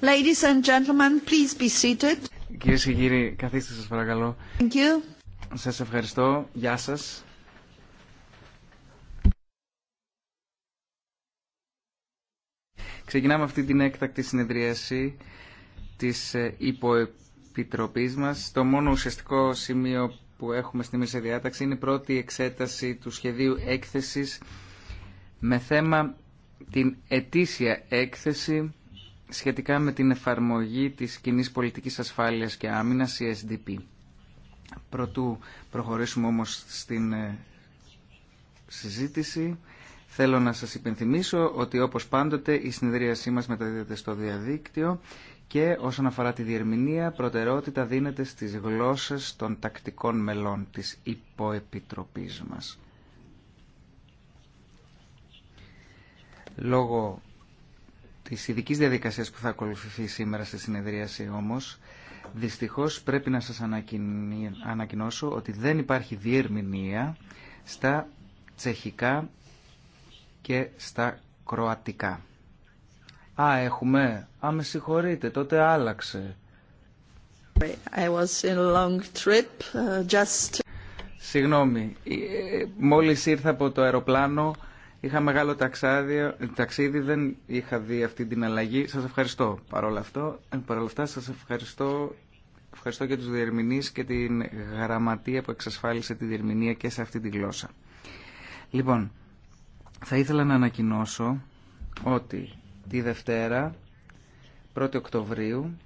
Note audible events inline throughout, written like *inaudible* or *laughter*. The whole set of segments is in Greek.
Ladies and gentlemen, please be seated. Κυρίες και κύριοι, καθίστε σας παρακαλώ. Thank you. Σας ευχαριστώ. Γεια σας. Ξεκινάμε αυτή την έκτακτη συνεδρίαση της ε, υποεπιτροπής μας. Το μόνο ουσιαστικό σημείο που έχουμε στη Μέση Διάταξη είναι η πρώτη εξέταση του σχεδίου έκθεσης με θέμα την ετήσια έκθεση σχετικά με την εφαρμογή της κοινή πολιτικής ασφάλειας και άμυνας, η SDP. Πρωτού προχωρήσουμε όμως στην ε, συζήτηση, θέλω να σας υπενθυμίσω ότι όπως πάντοτε η συνεδρίασή μας μεταδίδεται στο διαδίκτυο και όσον αφορά τη διερμηνία, προτεραιότητα δίνεται στις γλώσσες των τακτικών μελών της υποεπιτροπής μας. Λόγω της ειδικής διαδικασίας που θα ακολουθηθεί σήμερα στη συνεδρίαση όμως, δυστυχώς πρέπει να σας ανακοινώσω ότι δεν υπάρχει διερμηνία στα τσεχικά και στα κροατικά. Α, έχουμε. Α, με συγχωρείτε, τότε άλλαξε. I was in a uh, Συγγνώμη, ε, μόλις ήρθα από το αεροπλάνο, είχα μεγάλο ταξάδιο, ταξίδι, δεν είχα δει αυτή την αλλαγή. Σας ευχαριστώ παρόλα, αυτό, παρόλα αυτά, σας ευχαριστώ, ευχαριστώ και τους διερμηνείς και την γραμματεία που εξασφάλισε τη διερμηνία και σε αυτή τη γλώσσα. Λοιπόν, θα ήθελα να ανακοινώσω ότι τη Δευτέρα, 1η Οκτωβρίου,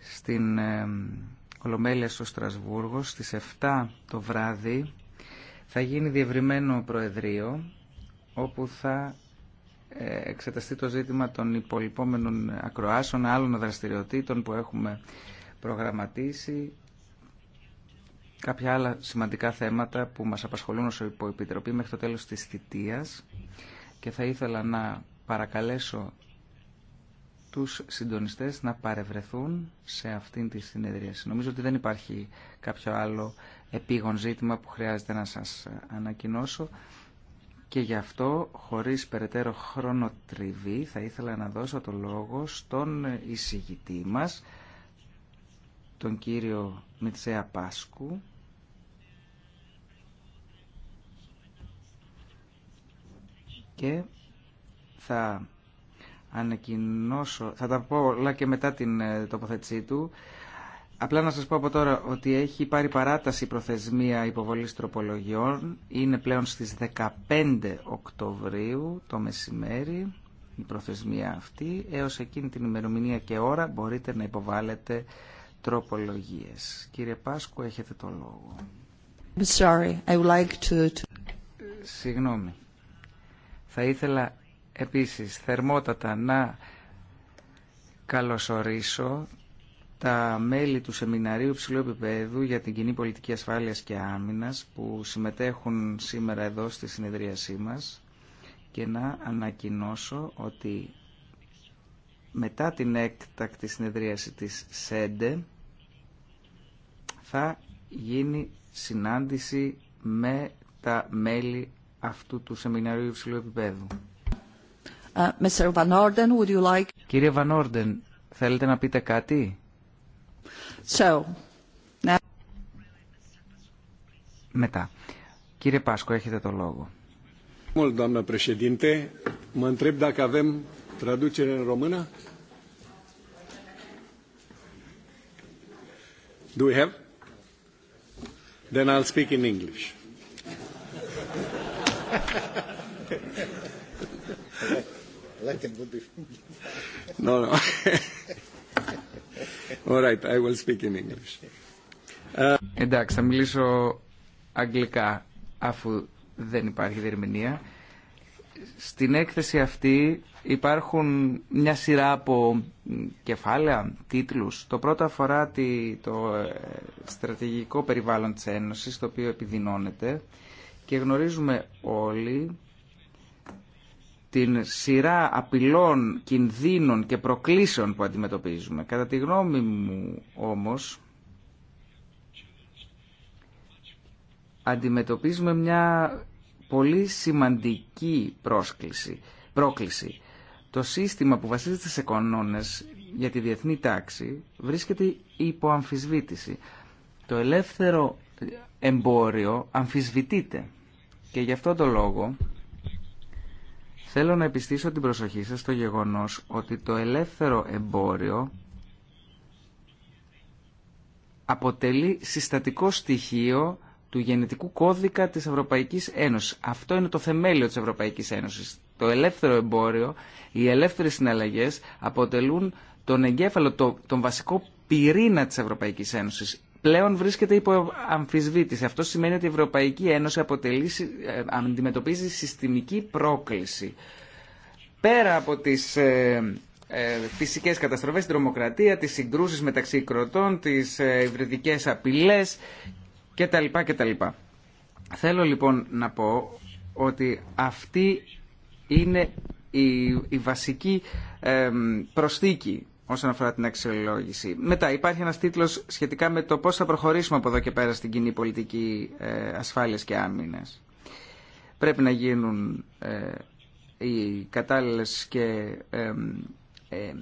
στην ε, Ολομέλεια στο Στρασβούργο, στις 7 το βράδυ, θα γίνει διευρυμένο προεδρείο, όπου θα ε, εξεταστεί το ζήτημα των υπολοιπόμενων ακροάσεων, άλλων δραστηριοτήτων που έχουμε προγραμματίσει, κάποια άλλα σημαντικά θέματα που μας απασχολούν ως υποεπιτροπή μέχρι το τέλος της θητείας και θα ήθελα να παρακαλέσω τους συντονιστές να παρευρεθούν σε αυτήν τη συνεδρίαση. Νομίζω ότι δεν υπάρχει κάποιο άλλο επίγον ζήτημα που χρειάζεται να σας ανακοινώσω και γι' αυτό χωρίς περαιτέρω χρονοτριβή θα ήθελα να δώσω το λόγο στον εισηγητή μας, τον κύριο Μιτσέα Πάσκου, και θα ανακοινώσω, θα τα πω όλα και μετά την ε, τοποθέτησή του. Απλά να σας πω από τώρα ότι έχει πάρει παράταση προθεσμία υποβολής τροπολογιών. Είναι πλέον στις 15 Οκτωβρίου το μεσημέρι η προθεσμία αυτή. Έως εκείνη την ημερομηνία και ώρα μπορείτε να υποβάλλετε τροπολογίες. Κύριε Πάσκου, έχετε το λόγο. Συγγνώμη. Θα ήθελα επίσης θερμότατα να καλωσορίσω τα μέλη του Σεμιναρίου Υψηλού Επιπέδου για την Κοινή Πολιτική Ασφάλειας και Άμυνας που συμμετέχουν σήμερα εδώ στη συνεδρίασή μας και να ανακοινώσω ότι μετά την έκτακτη συνεδρίαση της ΣΕΝΤΕ θα γίνει συνάντηση με τα μέλη αυτού του σεμιναρίου υψηλού επίπεδου. Ε, Κύριε Βαν θέλετε να πείτε κάτι? Μετά. Κύριε Πάσκο, έχετε το λόγο. Do we have? Then I'll speak in English. No, All right, I will speak in English. Uh, Εντάξει, θα μιλήσω αγγλικά αφού δεν υπάρχει διερμηνία. Στην έκθεση αυτή υπάρχουν μια σειρά από κεφάλαια, τίτλους. Το πρώτο αφορά το ε, στρατηγικό περιβάλλον της Ένωσης, το οποίο επιδεινώνεται και γνωρίζουμε όλοι την σειρά απειλών, κινδύνων και προκλήσεων που αντιμετωπίζουμε. Κατά τη γνώμη μου όμως, αντιμετωπίζουμε μια πολύ σημαντική πρόσκληση, πρόκληση. Το σύστημα που βασίζεται σε κανόνες για τη διεθνή τάξη βρίσκεται υπό αμφισβήτηση. Το ελεύθερο εμπόριο αμφισβητείται. Και γι' αυτό το λόγο θέλω να επιστήσω την προσοχή σας στο γεγονός ότι το ελεύθερο εμπόριο αποτελεί συστατικό στοιχείο του γενετικού κώδικα της Ευρωπαϊκής Ένωσης. Αυτό είναι το θεμέλιο της Ευρωπαϊκής Ένωσης. Το ελεύθερο εμπόριο, οι ελεύθερες συναλλαγές αποτελούν τον εγκέφαλο, τον βασικό πυρήνα της Ευρωπαϊκής Ένωσης πλέον βρίσκεται υπό αμφισβήτηση. Αυτό σημαίνει ότι η Ευρωπαϊκή Ένωση αποτελεί, ε, αντιμετωπίζει συστημική πρόκληση. Πέρα από τις ε, ε, φυσικές καταστροφές, την τρομοκρατία, τις συγκρούσεις μεταξύ κροτών, τις υβριδικές απειλές κτλ. κτλ. Θέλω λοιπόν να πω ότι αυτή είναι η, βασική ε, όσον αφορά την αξιολόγηση. Μετά υπάρχει ένας τίτλος σχετικά με το πώς θα προχωρήσουμε από εδώ και πέρα στην κοινή πολιτική ε, ασφάλειας και άμυνας. Πρέπει να γίνουν ε, οι κατάλληλες και ε,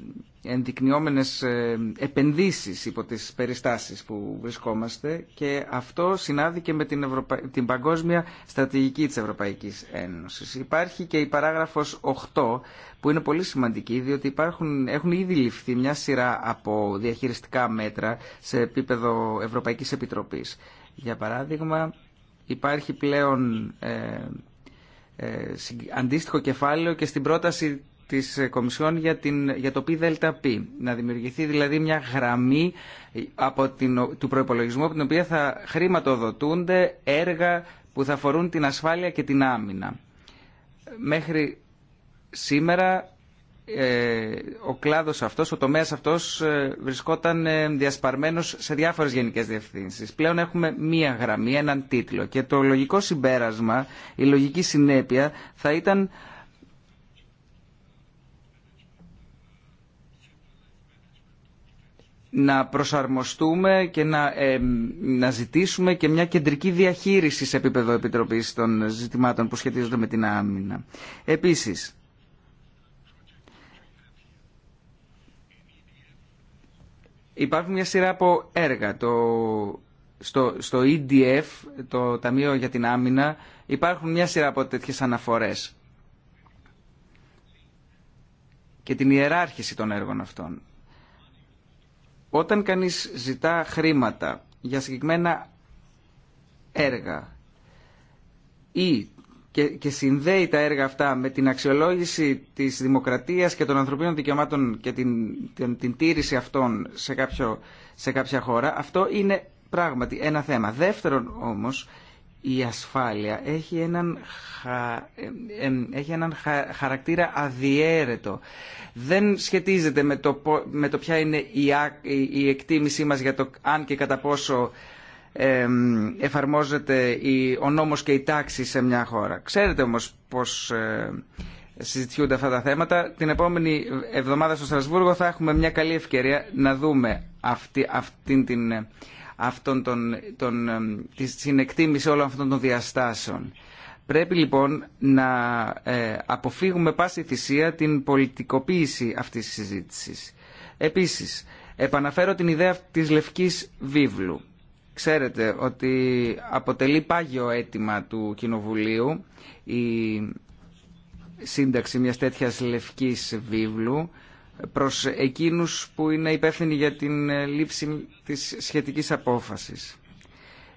ενδεικνυόμενες ε, επενδύσεις υπό τις περιστάσεις που βρισκόμαστε και αυτό συνάδει με την, την παγκόσμια στρατηγική της Ευρωπαϊκής Ένωσης. Υπάρχει και η παράγραφος 8 που είναι πολύ σημαντική διότι υπάρχουν... έχουν ήδη ληφθεί μια σειρά από διαχειριστικά μέτρα σε επίπεδο Ευρωπαϊκής Επιτροπής. Για παράδειγμα υπάρχει πλέον ε, αντίστοιχο κεφάλαιο και στην πρόταση της Κομισιόν για, την, για το ΠΔΠ. Να δημιουργηθεί δηλαδή μια γραμμή από την, του προϋπολογισμού από την οποία θα χρηματοδοτούνται έργα που θα αφορούν την ασφάλεια και την άμυνα. Μέχρι σήμερα ε, ο κλάδος αυτός, ο τομέας αυτός ε, βρισκόταν ε, διασπαρμένος σε διάφορες γενικές διευθύνσεις. Πλέον έχουμε μία γραμμή, έναν τίτλο και το λογικό συμπέρασμα, η λογική συνέπεια θα ήταν να προσαρμοστούμε και να, να ζητήσουμε και μια κεντρική διαχείριση σε επίπεδο Επιτροπής των ζητημάτων που σχετίζονται με την άμυνα. Επίσης, Υπάρχουν μια σειρά από έργα. Το, στο, στο EDF, το Ταμείο για την Άμυνα, υπάρχουν μια σειρά από τέτοιες αναφορές και την ιεράρχηση των έργων αυτών. Όταν κανείς ζητά χρήματα για συγκεκριμένα έργα ή και, συνδέει τα έργα αυτά με την αξιολόγηση της δημοκρατίας και των ανθρωπίνων δικαιωμάτων και την, την, την τήρηση αυτών σε, κάποιο, σε κάποια χώρα, αυτό είναι πράγματι ένα θέμα. Δεύτερον όμως, η ασφάλεια έχει έναν, έχει έναν χαρακτήρα αδιέρετο. Δεν σχετίζεται με το, με το ποια είναι η, η εκτίμησή μας για το αν και κατά πόσο εφαρμόζεται η... ο νόμος και η τάξη σε μια χώρα. Ξέρετε όμως πώς ε... συζητιούνται αυτά τα θέματα. Την επόμενη εβδομάδα στο Στρασβούργο θα έχουμε μια καλή ευκαιρία να δούμε αυτή... αυτή την ε, τη συνεκτίμηση όλων αυτών των διαστάσεων. Πρέπει λοιπόν να ε, αποφύγουμε πάση θυσία την πολιτικοποίηση αυτής της συζήτησης. Επίσης, επαναφέρω την ιδέα της Λευκής Βίβλου. Ξέρετε ότι αποτελεί πάγιο αίτημα του Κοινοβουλίου η σύνταξη μιας τέτοιας Λευκής Βίβλου προς εκείνους που είναι υπεύθυνοι για την ε, λήψη της σχετικής απόφασης.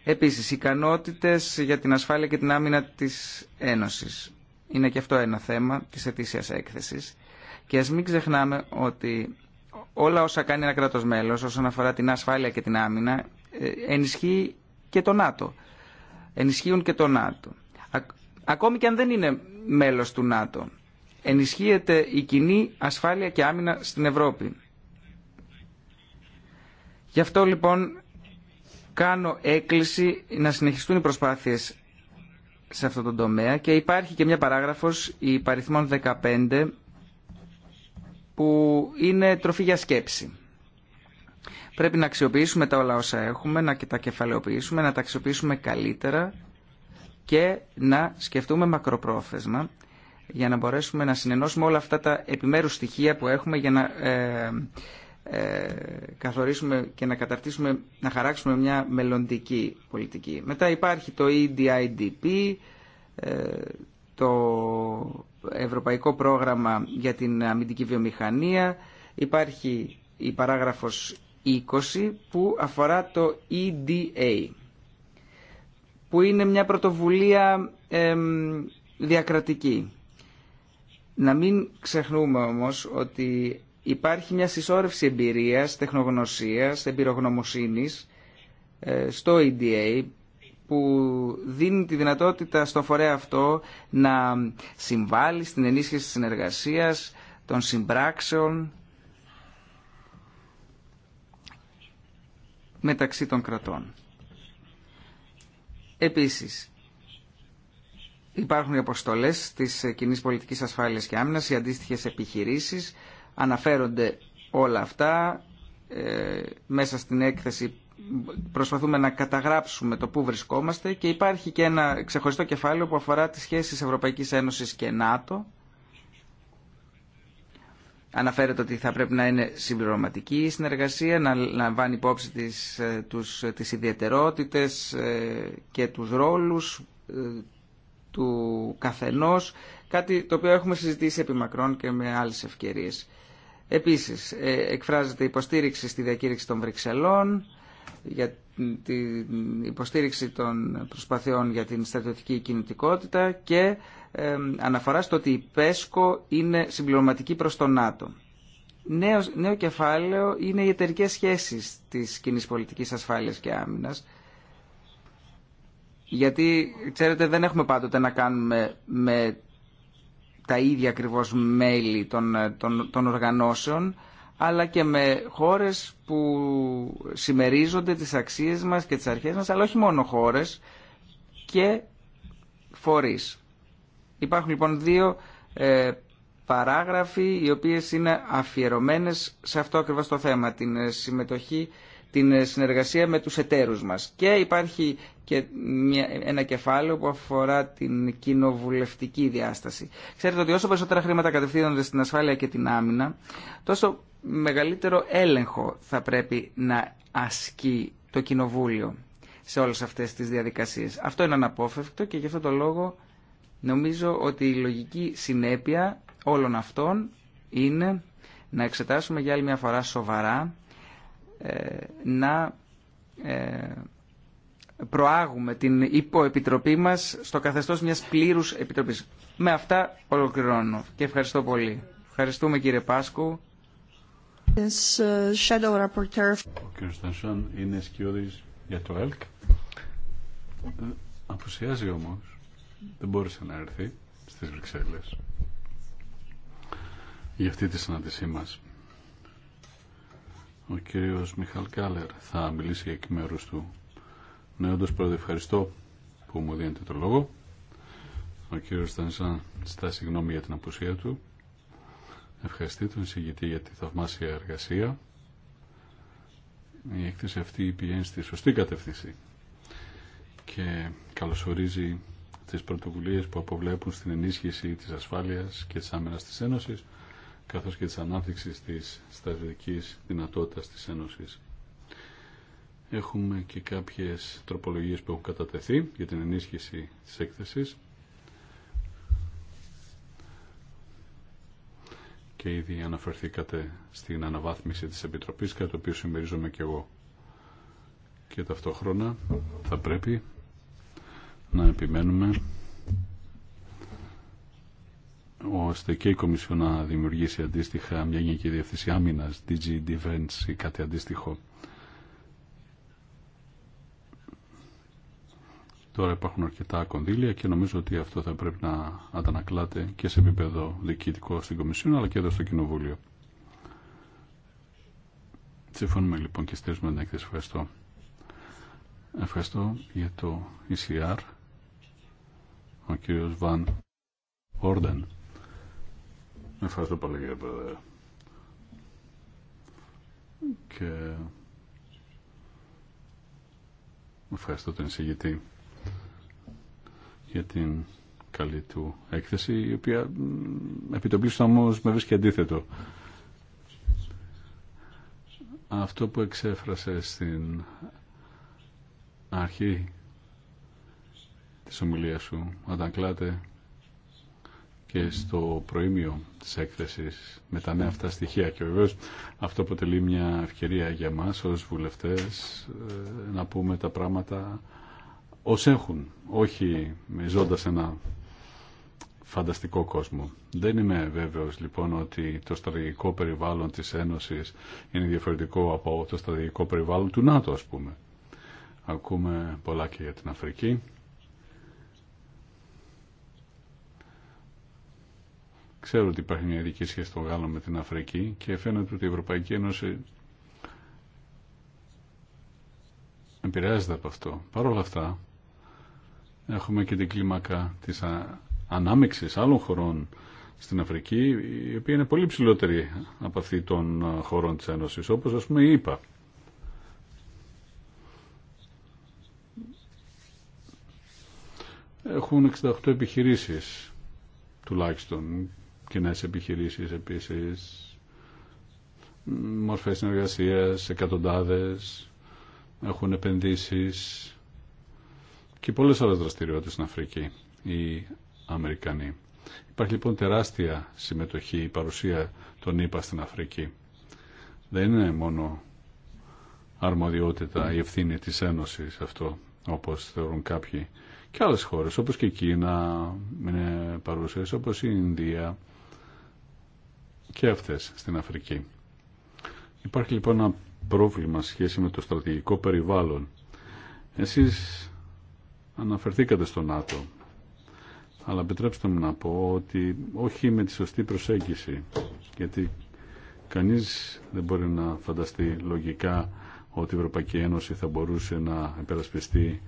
Επίσης, ικανότητες για την ασφάλεια και την άμυνα της Ένωσης. Είναι και αυτό ένα θέμα της ετήσιας έκθεσης. Και ας μην ξεχνάμε ότι όλα όσα κάνει ένα κράτος μέλος όσον αφορά την ασφάλεια και την άμυνα ε, ενισχύει και το ΝΑΤΟ. Ενισχύουν και το ΝΑΤΟ. Ακόμη και αν δεν είναι μέλος του ΝΑΤΟ ενισχύεται η κοινή ασφάλεια και άμυνα στην Ευρώπη. Γι' αυτό λοιπόν κάνω έκκληση να συνεχιστούν οι προσπάθειες σε αυτό τον τομέα και υπάρχει και μια παράγραφος, η παριθμόν 15, που είναι τροφή για σκέψη. Πρέπει να αξιοποιήσουμε τα όλα όσα έχουμε, να τα κεφαλαιοποιήσουμε, να τα αξιοποιήσουμε καλύτερα και να σκεφτούμε μακροπρόθεσμα για να μπορέσουμε να συνενώσουμε όλα αυτά τα επιμέρους στοιχεία που έχουμε για να ε, ε, καθορίσουμε και να καταρτήσουμε, να χαράξουμε μια μελλοντική πολιτική. Μετά υπάρχει το EDIDP, ε, το Ευρωπαϊκό Πρόγραμμα για την Αμυντική Βιομηχανία, υπάρχει η παράγραφος 20 που αφορά το EDA, που είναι μια πρωτοβουλία διακρατική να μην ξεχνούμε όμως ότι υπάρχει μια συσσόρευση εμπειρίας, τεχνογνωσίας, εμπειρογνωμοσύνης ε, στο EDA που δίνει τη δυνατότητα στο φορέα αυτό να συμβάλλει στην ενίσχυση της συνεργασίας, των συμπράξεων μεταξύ των κρατών. Επίσης, Υπάρχουν οι αποστολέ τη κοινή πολιτική ασφάλεια και άμυνα, οι αντίστοιχε επιχειρήσει. Αναφέρονται όλα αυτά ε, μέσα στην έκθεση προσπαθούμε να καταγράψουμε το πού βρισκόμαστε και υπάρχει και ένα ξεχωριστό κεφάλαιο που αφορά τις σχέσεις Ευρωπαϊκής Ένωσης και ΝΑΤΟ. Αναφέρεται ότι θα πρέπει να είναι συμπληρωματική η συνεργασία, να λαμβάνει υπόψη τις, ε, τους, ε, τις ιδιαιτερότητες ε, και τους ρόλους του καθενός, κάτι το οποίο έχουμε συζητήσει επί μακρόν και με άλλες ευκαιρίες. Επίσης, ε, εκφράζεται υποστήριξη στη διακήρυξη των Βρυξελών, για την υποστήριξη των προσπαθειών για την στρατιωτική κινητικότητα και αναφορά στο ότι η ΠΕΣΚΟ είναι συμπληρωματική προς τον ΝΑΤΟ. Νέο, νέο κεφάλαιο είναι οι εταιρικέ σχέσεις της κοινή πολιτικής ασφάλειας και άμυνας γιατί ξέρετε δεν έχουμε πάντοτε να κάνουμε με τα ίδια ακριβώ μέλη των, των, των οργανώσεων αλλά και με χώρες που συμμερίζονται τις αξίες μας και τις αρχές μας, αλλά όχι μόνο χώρες και φορείς. Υπάρχουν λοιπόν δύο ε, παράγραφοι οι οποίες είναι αφιερωμένες σε αυτό ακριβώς το θέμα, την συμμετοχή την ε, συνεργασία με τους εταίρους μας. Και υπάρχει και ένα κεφάλαιο που αφορά την κοινοβουλευτική διάσταση. Ξέρετε ότι όσο περισσότερα χρήματα κατευθύνονται στην ασφάλεια και την άμυνα, τόσο μεγαλύτερο έλεγχο θα πρέπει να ασκεί το κοινοβούλιο σε όλες αυτές τις διαδικασίες. Αυτό είναι αναπόφευκτο και γι' αυτό το λόγο νομίζω ότι η λογική συνέπεια όλων αυτών είναι να εξετάσουμε για άλλη μια φορά σοβαρά ε, να ε, προάγουμε την υποεπιτροπή μας στο καθεστώς μιας πλήρους επιτροπής. Με αυτά ολοκληρώνω και ευχαριστώ πολύ. Ευχαριστούμε κύριε Πάσκου. Ε, Ο κ. Στανσόν είναι σκιώδης για το ΕΛΚ. Αποσιάζει όμως. Δεν μπόρεσε να έρθει στις Βρυξέλλες για αυτή τη συνάντησή μας. Ο κύριος Μιχαλ Κάλερ θα μιλήσει εκ μέρους του. Ναι, όντως πρώτα ευχαριστώ που μου δίνετε το λόγο. Ο κύριος Στανισάν ζητά συγγνώμη για την απουσία του. Ευχαριστεί τον συγγητή για τη θαυμάσια εργασία. Η έκθεση αυτή πηγαίνει στη σωστή κατεύθυνση και καλωσορίζει τις πρωτοβουλίες που αποβλέπουν στην ενίσχυση της ασφάλειας και της άμενας της Ένωσης καθώς και της ανάπτυξης της σταθερικής δυνατότητας της Ένωσης. Έχουμε και κάποιες τροπολογίες που έχουν κατατεθεί για την ενίσχυση της έκθεσης και ήδη αναφερθήκατε στην αναβάθμιση της Επιτροπής, κατά το οποίο συμμερίζομαι και εγώ. Και ταυτόχρονα θα πρέπει να επιμένουμε ώστε και η Κομισιόν να δημιουργήσει αντίστοιχα μια γενική διευθυνσία άμυνα, DG Defense ή κάτι αντίστοιχο. Τώρα υπάρχουν αρκετά κονδύλια και νομίζω ότι αυτό θα πρέπει να αντανακλάται και σε επίπεδο διοικητικό στην Κομισιόν αλλά και εδώ στο Κοινοβούλιο. Συμφωνούμε λοιπόν και στέλνουμε την έκθεση. Ευχαριστώ. Ευχαριστώ για το ECR. Ο κύριος Βαν Όρδεν. Ευχαριστώ πολύ κύριε Πρόεδρε. Και ευχαριστώ τον εισηγητή για την καλή του έκθεση, η οποία επί το πλήστο όμως με βρίσκει αντίθετο. Αυτό που εξέφρασε στην αρχή της ομιλίας σου, κλάτε και στο προήμιο τη έκθεση με τα νέα αυτά στοιχεία και βεβαίω αυτό αποτελεί μια ευκαιρία για εμά ως βουλευτές ε, να πούμε τα πράγματα ω έχουν, όχι ζώντα ένα φανταστικό κόσμο. Δεν είμαι βέβαιος λοιπόν ότι το στρατηγικό περιβάλλον της Ένωσης είναι διαφορετικό από το στρατηγικό περιβάλλον του ΝΑΤΟ ας πούμε. Ακούμε πολλά και για την Αφρική. Ξέρω ότι υπάρχει μια ειδική σχέση των Γάλλων με την Αφρική και φαίνεται ότι η Ευρωπαϊκή Ένωση επηρεάζεται από αυτό. Παρ' όλα αυτά, έχουμε και την κλίμακα της ανάμειξης άλλων χωρών στην Αφρική, η οποία είναι πολύ ψηλότερη από αυτή των χωρών της Ένωσης, όπως ας πούμε η ΕΠΑ. Έχουν 68 επιχειρήσεις τουλάχιστον κοινέ επιχειρήσεις επίσης, μορφές συνεργασίας, εκατοντάδες, έχουν επενδύσεις και πολλές άλλες δραστηριότητες στην Αφρική οι Αμερικανοί. Υπάρχει λοιπόν τεράστια συμμετοχή, η παρουσία των ΗΠΑ στην Αφρική. Δεν είναι μόνο αρμοδιότητα η ευθύνη της Ένωσης αυτό, όπως θεωρούν κάποιοι. Και άλλες χώρες, όπως και η Κίνα είναι παρούσες, όπως η Ινδία, και αυτές στην Αφρική. Υπάρχει λοιπόν ένα πρόβλημα σχέση με το στρατηγικό περιβάλλον. Εσείς αναφερθήκατε στο ΝΑΤΟ, αλλά επιτρέψτε μου να πω ότι όχι με τη σωστή προσέγγιση, γιατί κανείς δεν μπορεί να φανταστεί λογικά ότι η Ευρωπαϊκή Ένωση θα μπορούσε να υπερασπιστεί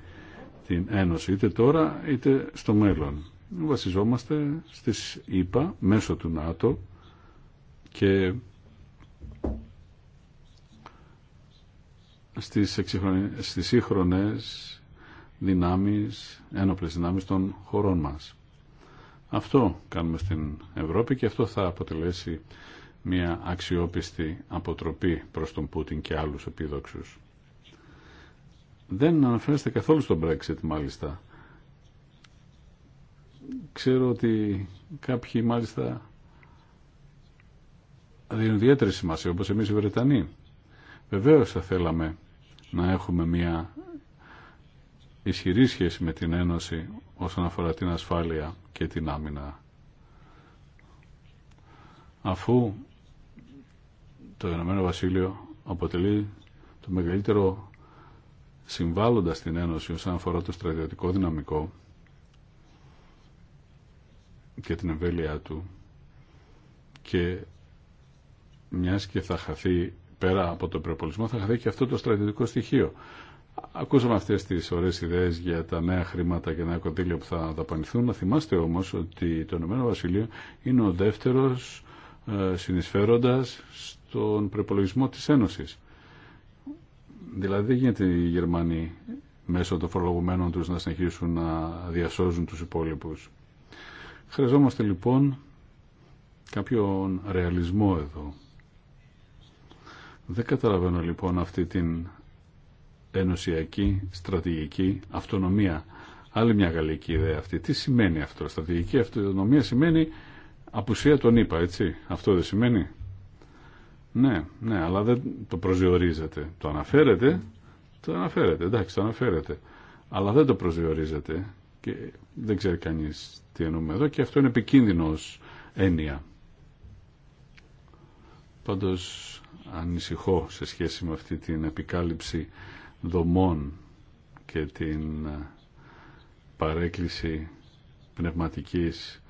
την Ένωση, είτε τώρα είτε στο μέλλον. Βασιζόμαστε στις ΗΠΑ μέσω του ΝΑΤΟ, και στις, εξυγχρονες, στις σύγχρονες δυνάμεις, ένοπλες δυνάμεις των χωρών μας. Αυτό κάνουμε στην Ευρώπη και αυτό θα αποτελέσει μια αξιόπιστη αποτροπή προς τον Πούτιν και άλλους επίδοξους. Δεν αναφέρεστε καθόλου στο Brexit μάλιστα. Ξέρω ότι κάποιοι μάλιστα δίνουν ιδιαίτερη σημασία, όπως εμείς οι Βρετανοί. Βεβαίως θα θέλαμε να έχουμε μια ισχυρή σχέση με την Ένωση όσον αφορά την ασφάλεια και την άμυνα. Αφού το Ηνωμένο Βασίλειο αποτελεί το μεγαλύτερο συμβάλλοντα στην Ένωση όσον αφορά το στρατιωτικό δυναμικό και την εμβέλειά του και μια και θα χαθεί πέρα από τον προπολισμό θα χαθεί και αυτό το στρατιωτικό στοιχείο. Ακούσαμε αυτέ τι ωραίε ιδέε για τα νέα χρήματα και νέα κονδύλια που θα δαπανηθούν. Να θυμάστε όμω ότι το Ηνωμένο Βασιλείο είναι ο δεύτερος ε, συνεισφέροντα στον προπολογισμό τη Ένωση. Δηλαδή δεν γίνεται οι Γερμανοί μέσω των φορολογουμένων τους να συνεχίσουν να διασώζουν τους υπόλοιπους. Χρειαζόμαστε λοιπόν κάποιον ρεαλισμό εδώ. Δεν καταλαβαίνω λοιπόν αυτή την ενωσιακή στρατηγική αυτονομία. Άλλη μια γαλλική ιδέα αυτή. Τι σημαίνει αυτό. Στρατηγική αυτονομία σημαίνει απουσία των είπα, έτσι. Αυτό δεν σημαίνει. Ναι, ναι, αλλά δεν το προσδιορίζεται. Το αναφέρετε, το αναφέρετε, εντάξει, το αναφέρετε. Αλλά δεν το προσδιορίζεται και δεν ξέρει κανεί τι εννοούμε εδώ και αυτό είναι επικίνδυνο έννοια. Πάντως ανησυχώ σε σχέση με αυτή την επικάλυψη δομών και την ε, παρέκκληση πνευματικής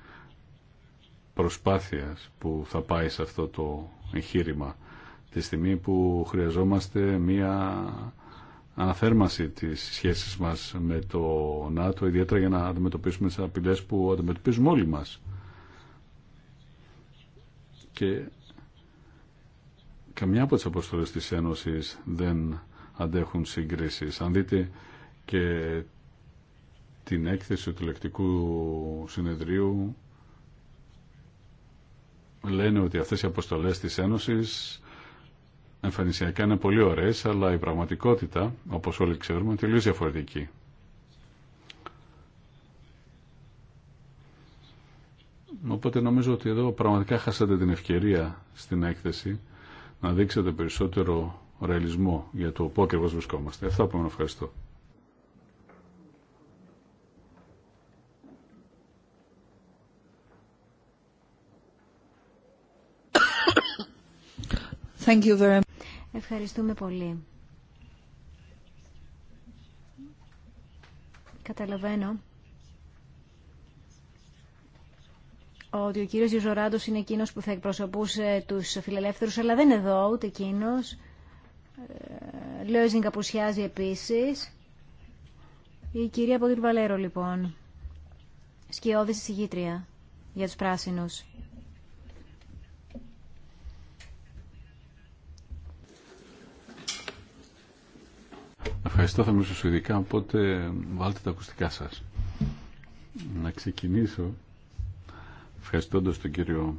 προσπάθειας που θα πάει σε αυτό το εγχείρημα τη στιγμή που χρειαζόμαστε μία αναθέρμαση της σχέσης μας με το ΝΑΤΟ ιδιαίτερα για να αντιμετωπίσουμε τις απειλές που αντιμετωπίζουμε όλοι μας και καμιά από τις αποστολές της Ένωσης δεν αντέχουν συγκρίσεις. Αν δείτε και την έκθεση του λεκτικού συνεδρίου λένε ότι αυτές οι αποστολές της Ένωσης εμφανισιακά είναι πολύ ωραίες, αλλά η πραγματικότητα, όπως όλοι ξέρουμε, είναι τελείως διαφορετική. Οπότε νομίζω ότι εδώ πραγματικά χάσατε την ευκαιρία στην έκθεση να δείξετε περισσότερο ρεαλισμό για το πού ακριβώ βρισκόμαστε. Αυτά που να ευχαριστώ. Thank you very much. Ευχαριστούμε πολύ. Καταλαβαίνω ότι ο κύριος Ιωζοράντος είναι εκείνος που θα εκπροσωπούσε τους φιλελεύθερους, αλλά δεν είναι εδώ ούτε εκείνος. Ε, Λέζινγκ απουσιάζει επίσης. Η κυρία την Βαλέρο, λοιπόν, Σκιώδηση συγγήτρια για τους πράσινους. Ευχαριστώ, θα μιλήσω σου ειδικά, οπότε βάλτε τα ακουστικά σας. Να ξεκινήσω ευχαριστώντας τον κύριο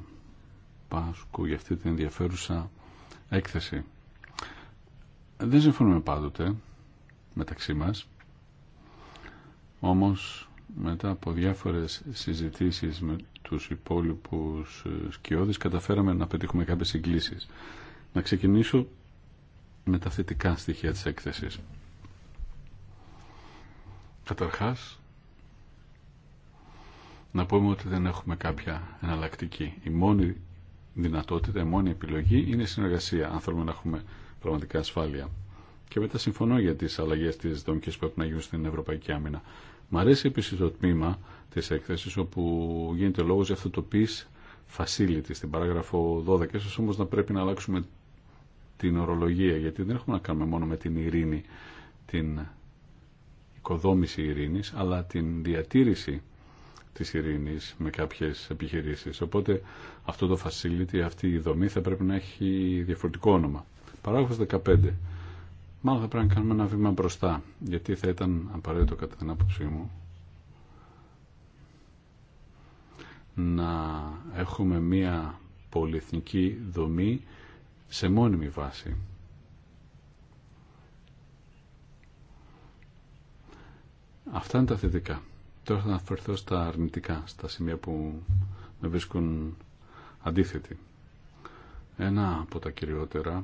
Πάσκου για αυτή την ενδιαφέρουσα έκθεση. Δεν συμφωνούμε πάντοτε μεταξύ μας, όμως μετά από διάφορες συζητήσεις με τους υπόλοιπους ε, σκιώδεις καταφέραμε να πετύχουμε κάποιες συγκλήσεις. Να ξεκινήσω με τα θετικά στοιχεία της έκθεσης. Καταρχάς, να πούμε ότι δεν έχουμε κάποια εναλλακτική. Η μόνη δυνατότητα, η μόνη επιλογή είναι η συνεργασία, αν θέλουμε να έχουμε πραγματικά ασφάλεια. Και μετά συμφωνώ για τι αλλαγέ τη δομική που πρέπει να γίνουν στην Ευρωπαϊκή Άμυνα. Μ' αρέσει επίση το τμήμα τη έκθεση όπου γίνεται λόγο για αυτό το peace facility στην παράγραφο 12. Σω όμω να πρέπει να αλλάξουμε την ορολογία γιατί δεν έχουμε να κάνουμε μόνο με την ειρήνη, την οικοδόμηση ειρήνη, αλλά την διατήρηση της ειρήνη με κάποιες επιχειρήσεις. Οπότε αυτό το facility, αυτή η δομή θα πρέπει να έχει διαφορετικό όνομα. Παράγραφο 15. Μάλλον θα πρέπει να κάνουμε ένα βήμα μπροστά, γιατί θα ήταν απαραίτητο κατά την άποψή μου να έχουμε μία πολυεθνική δομή σε μόνιμη βάση. Αυτά είναι τα θετικά. Τώρα θα αναφερθώ στα αρνητικά, στα σημεία που με βρίσκουν αντίθετη. Ένα από τα κυριότερα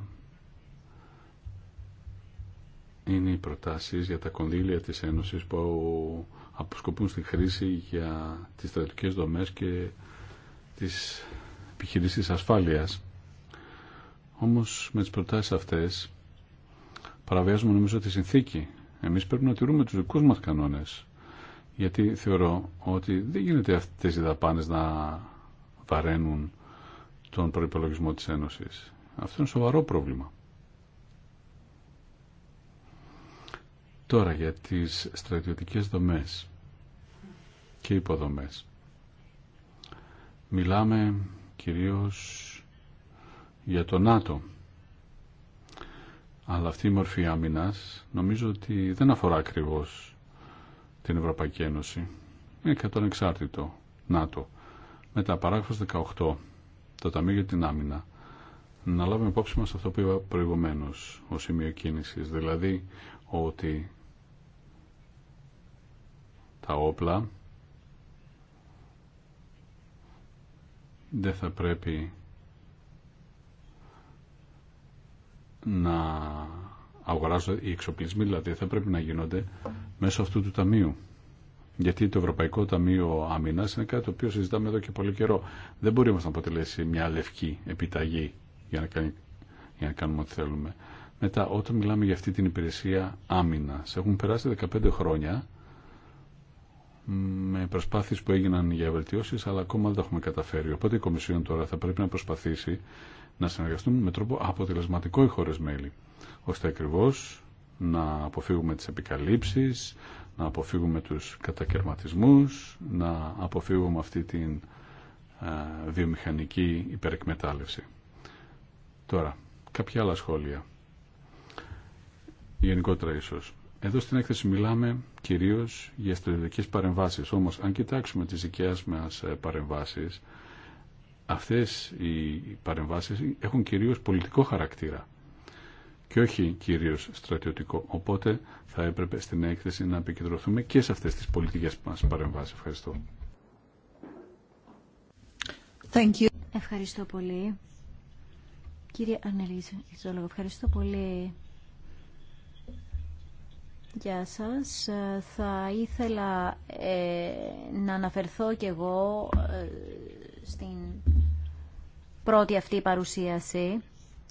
είναι οι προτάσεις για τα κονδύλια της Ένωσης που αποσκοπούν στη χρήση για τις στρατιωτικές δομές και τις επιχειρήσεις ασφάλειας. Όμως με τις προτάσεις αυτές παραβιάζουμε νομίζω τη συνθήκη. Εμείς πρέπει να τηρούμε τους δικούς μας κανόνες γιατί θεωρώ ότι δεν γίνεται αυτές οι δαπάνες να βαραίνουν τον προϋπολογισμό της Ένωσης. Αυτό είναι σοβαρό πρόβλημα. Τώρα για τις στρατιωτικές δομές και υποδομές. Μιλάμε κυρίως για το ΝΑΤΟ. Αλλά αυτή η μορφή άμυνας νομίζω ότι δεν αφορά ακριβώς την Ευρωπαϊκή Ένωση είναι και τον εξάρτητο ΝΑΤΟ. Μετά παράγραφος 18, το Ταμείο για την Άμυνα. Να λάβουμε υπόψη μας αυτό που είπα προηγουμένως, ως σημείο κίνησης, δηλαδή ότι τα όπλα δεν θα πρέπει να αγοράζονται οι εξοπλισμοί, δηλαδή θα πρέπει να γίνονται μέσω αυτού του ταμείου. Γιατί το Ευρωπαϊκό Ταμείο Αμυνά είναι κάτι το οποίο συζητάμε εδώ και πολύ καιρό. Δεν μπορεί όμω να αποτελέσει μια λευκή επιταγή για να, κάνει, κάνουμε ό,τι θέλουμε. Μετά, όταν μιλάμε για αυτή την υπηρεσία άμυνα, έχουν περάσει 15 χρόνια με προσπάθειες που έγιναν για βελτιώσεις αλλά ακόμα δεν τα έχουμε καταφέρει. Οπότε η Κομισιόν τώρα θα πρέπει να προσπαθήσει να συνεργαστούν με τρόπο αποτελεσματικό οι χώρε μέλη, ώστε ακριβώς να αποφύγουμε τις επικαλύψεις, να αποφύγουμε τους κατακαιρματισμούς, να αποφύγουμε αυτή την ε, βιομηχανική υπερεκμετάλλευση. Τώρα, κάποια άλλα σχόλια. Γενικότερα ίσως. Εδώ στην έκθεση μιλάμε κυρίως για στρατιωτικές παρεμβάσεις. Όμως, αν κοιτάξουμε τις δικές μας ε, παρεμβάσεις, αυτές οι παρεμβάσεις έχουν κυρίως πολιτικό χαρακτήρα και όχι κυρίως στρατιωτικό. Οπότε θα έπρεπε στην έκθεση να επικεντρωθούμε και σε αυτές τις πολιτικές που μας παρεμβάσει. Ευχαριστώ. Thank you. Ευχαριστώ πολύ. Κύριε Ανελίζη, ευχαριστώ πολύ. Γεια σας. Θα ήθελα ε, να αναφερθώ κι εγώ ε, στην πρώτη αυτή παρουσίαση.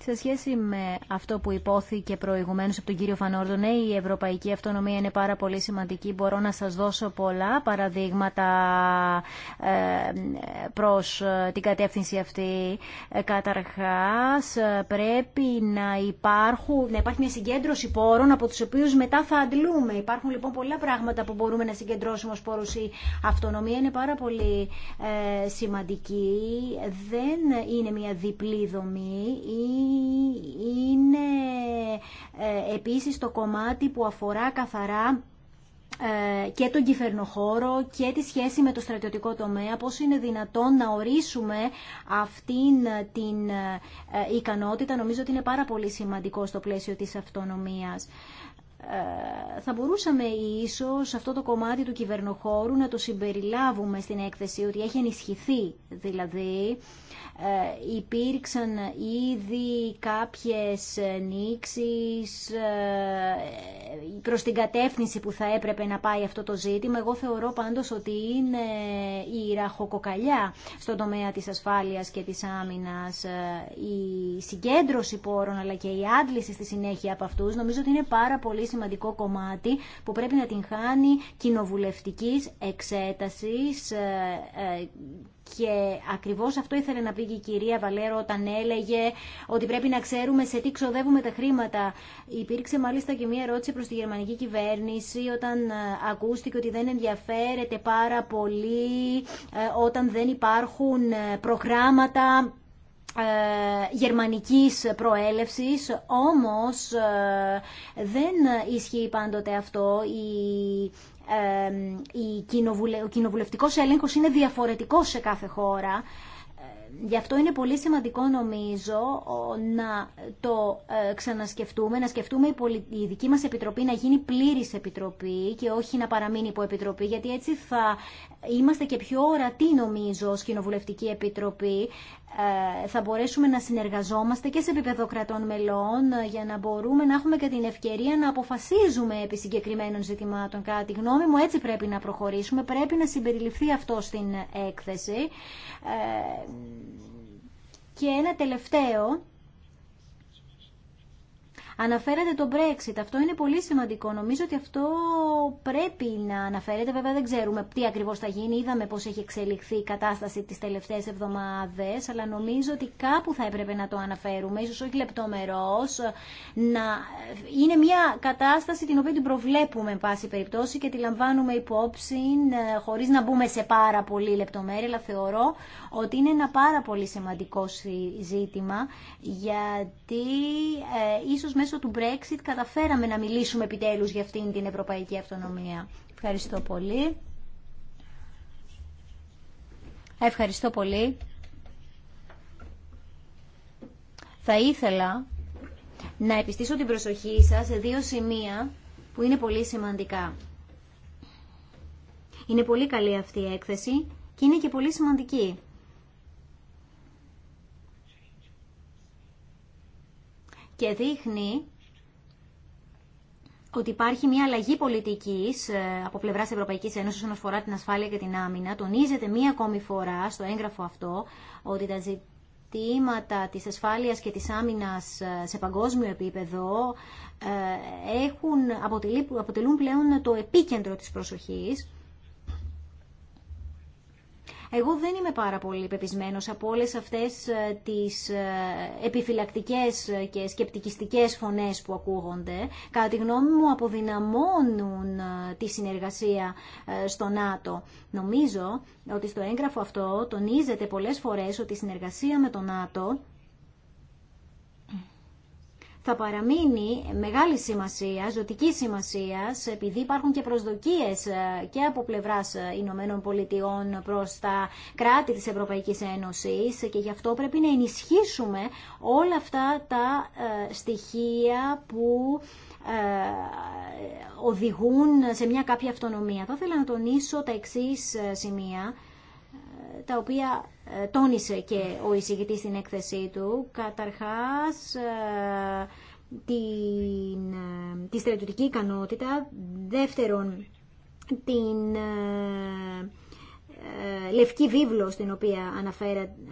Σε σχέση με αυτό που υπόθηκε προηγουμένως από τον κύριο Φανόρδο, η ευρωπαϊκή αυτονομία είναι πάρα πολύ σημαντική. Μπορώ να σας δώσω πολλά παραδείγματα ε, προς ε, την κατεύθυνση αυτή. Ε, καταρχάς, πρέπει να, υπάρχουν, να υπάρχει μια συγκέντρωση πόρων από τους οποίους μετά θα αντλούμε. Υπάρχουν λοιπόν πολλά πράγματα που μπορούμε να συγκεντρώσουμε ως πόρους. Η αυτονομία είναι πάρα πολύ σημαντική. Δεν είναι μια διπλή δομή είναι ε, επίσης το κομμάτι που αφορά καθαρά ε, και τον κυβερνοχώρο και τη σχέση με το στρατιωτικό τομέα, πώς είναι δυνατόν να ορίσουμε αυτήν την ε, ικανότητα, νομίζω ότι είναι πάρα πολύ σημαντικό στο πλαίσιο της αυτονομίας. Ε, θα μπορούσαμε ίσως αυτό το κομμάτι του κυβερνοχώρου να το συμπεριλάβουμε στην έκθεση, ότι έχει ενισχυθεί δηλαδή. Ε, υπήρξαν ήδη κάποιες νήξεις ε, προς την κατεύθυνση που θα έπρεπε να πάει αυτό το ζήτημα. Εγώ θεωρώ πάντως ότι είναι η ραχοκοκαλιά στον τομέα της ασφάλειας και της άμυνας. Η συγκέντρωση πόρων αλλά και η άντληση στη συνέχεια από αυτούς νομίζω ότι είναι πάρα πολύ σημαντικό κομμάτι που πρέπει να την χάνει κοινοβουλευτικής εξέτασης ε, ε, και ακριβώς αυτό ήθελε να πει και η κυρία Βαλέρο όταν έλεγε ότι πρέπει να ξέρουμε σε τι ξοδεύουμε τα χρήματα. Υπήρξε μάλιστα και μία ερώτηση προς τη γερμανική κυβέρνηση όταν ε, ακούστηκε ότι δεν ενδιαφέρεται πάρα πολύ όταν δεν υπάρχουν προγράμματα ε, γερμανικής προέλευσης, όμως ε, δεν ισχύει πάντοτε αυτό. Η, ε, ο κοινοβουλευτικός έλεγχος είναι διαφορετικός σε κάθε χώρα. Γι' αυτό είναι πολύ σημαντικό νομίζω να το ξανασκεφτούμε, να σκεφτούμε η δική μας επιτροπή να γίνει πλήρης επιτροπή και όχι να παραμείνει επιτροπή, γιατί έτσι θα είμαστε και πιο ορατοί νομίζω ως Κοινοβουλευτική Επιτροπή ε, θα μπορέσουμε να συνεργαζόμαστε και σε επίπεδο κρατών μελών ε, για να μπορούμε να έχουμε και την ευκαιρία να αποφασίζουμε επί συγκεκριμένων ζητημάτων. Κατά γνώμη μου έτσι πρέπει να προχωρήσουμε, πρέπει να συμπεριληφθεί αυτό στην έκθεση. Ε, και ένα τελευταίο Αναφέρατε το Brexit. Αυτό είναι πολύ σημαντικό. Νομίζω ότι αυτό πρέπει να αναφέρεται. Βέβαια δεν ξέρουμε τι ακριβώς θα γίνει. Είδαμε πώς έχει εξελιχθεί η κατάσταση τις τελευταίες εβδομάδες. Αλλά νομίζω ότι κάπου θα έπρεπε να το αναφέρουμε. Ίσως όχι λεπτομερώς. Να... Είναι μια κατάσταση την οποία την προβλέπουμε εν πάση περιπτώσει και τη λαμβάνουμε υπόψη ε, χωρίς να μπούμε σε πάρα πολύ λεπτομέρεια. Αλλά θεωρώ ότι είναι ένα πάρα πολύ σημαντικό ζήτημα γιατί ε, ίσως μέσω του Brexit καταφέραμε να μιλήσουμε επιτέλους για αυτήν την ευρωπαϊκή αυτονομία. Ευχαριστώ πολύ. Ευχαριστώ πολύ. Θα ήθελα να επιστήσω την προσοχή σας σε δύο σημεία που είναι πολύ σημαντικά. Είναι πολύ καλή αυτή η έκθεση και είναι και πολύ σημαντική. και δείχνει ότι υπάρχει μια αλλαγή πολιτική ε, από πλευρά Ευρωπαϊκή Ένωση όσον αφορά την ασφάλεια και την άμυνα. Τονίζεται μία ακόμη φορά στο έγγραφο αυτό ότι τα ζητήματα τη ασφάλεια και τη άμυνα ε, σε παγκόσμιο επίπεδο ε, έχουν, αποτελούν πλέον το επίκεντρο της προσοχής εγώ δεν είμαι πάρα πολύ πεπισμένο από όλες αυτές ε, τις ε, επιφυλακτικές και σκεπτικιστικές φωνές που ακούγονται. Κατά τη γνώμη μου αποδυναμώνουν ε, τη συνεργασία στο ΝΑΤΟ. Νομίζω ότι στο έγγραφο αυτό τονίζεται πολλές φορές ότι η συνεργασία με το ΝΑΤΟ θα παραμείνει μεγάλη σημασία, ζωτική σημασία, επειδή υπάρχουν και προσδοκίε ε, και από πλευρά ε, Ηνωμένων Πολιτειών προ τα κράτη τη Ευρωπαϊκή Ένωση και γι' αυτό πρέπει να ενισχύσουμε όλα αυτά τα ε, στοιχεία που οδηγούν σε μια κάποια αυτονομία. Θα ήθελα να τονίσω τα εξή σημεία τα οποία ε, τόνισε και ο εισηγητής στην έκθεσή του. Καταρχάς, ε, την, ε, τη στρατιωτική ικανότητα. Δεύτερον, την ε, λευκή βίβλο στην οποία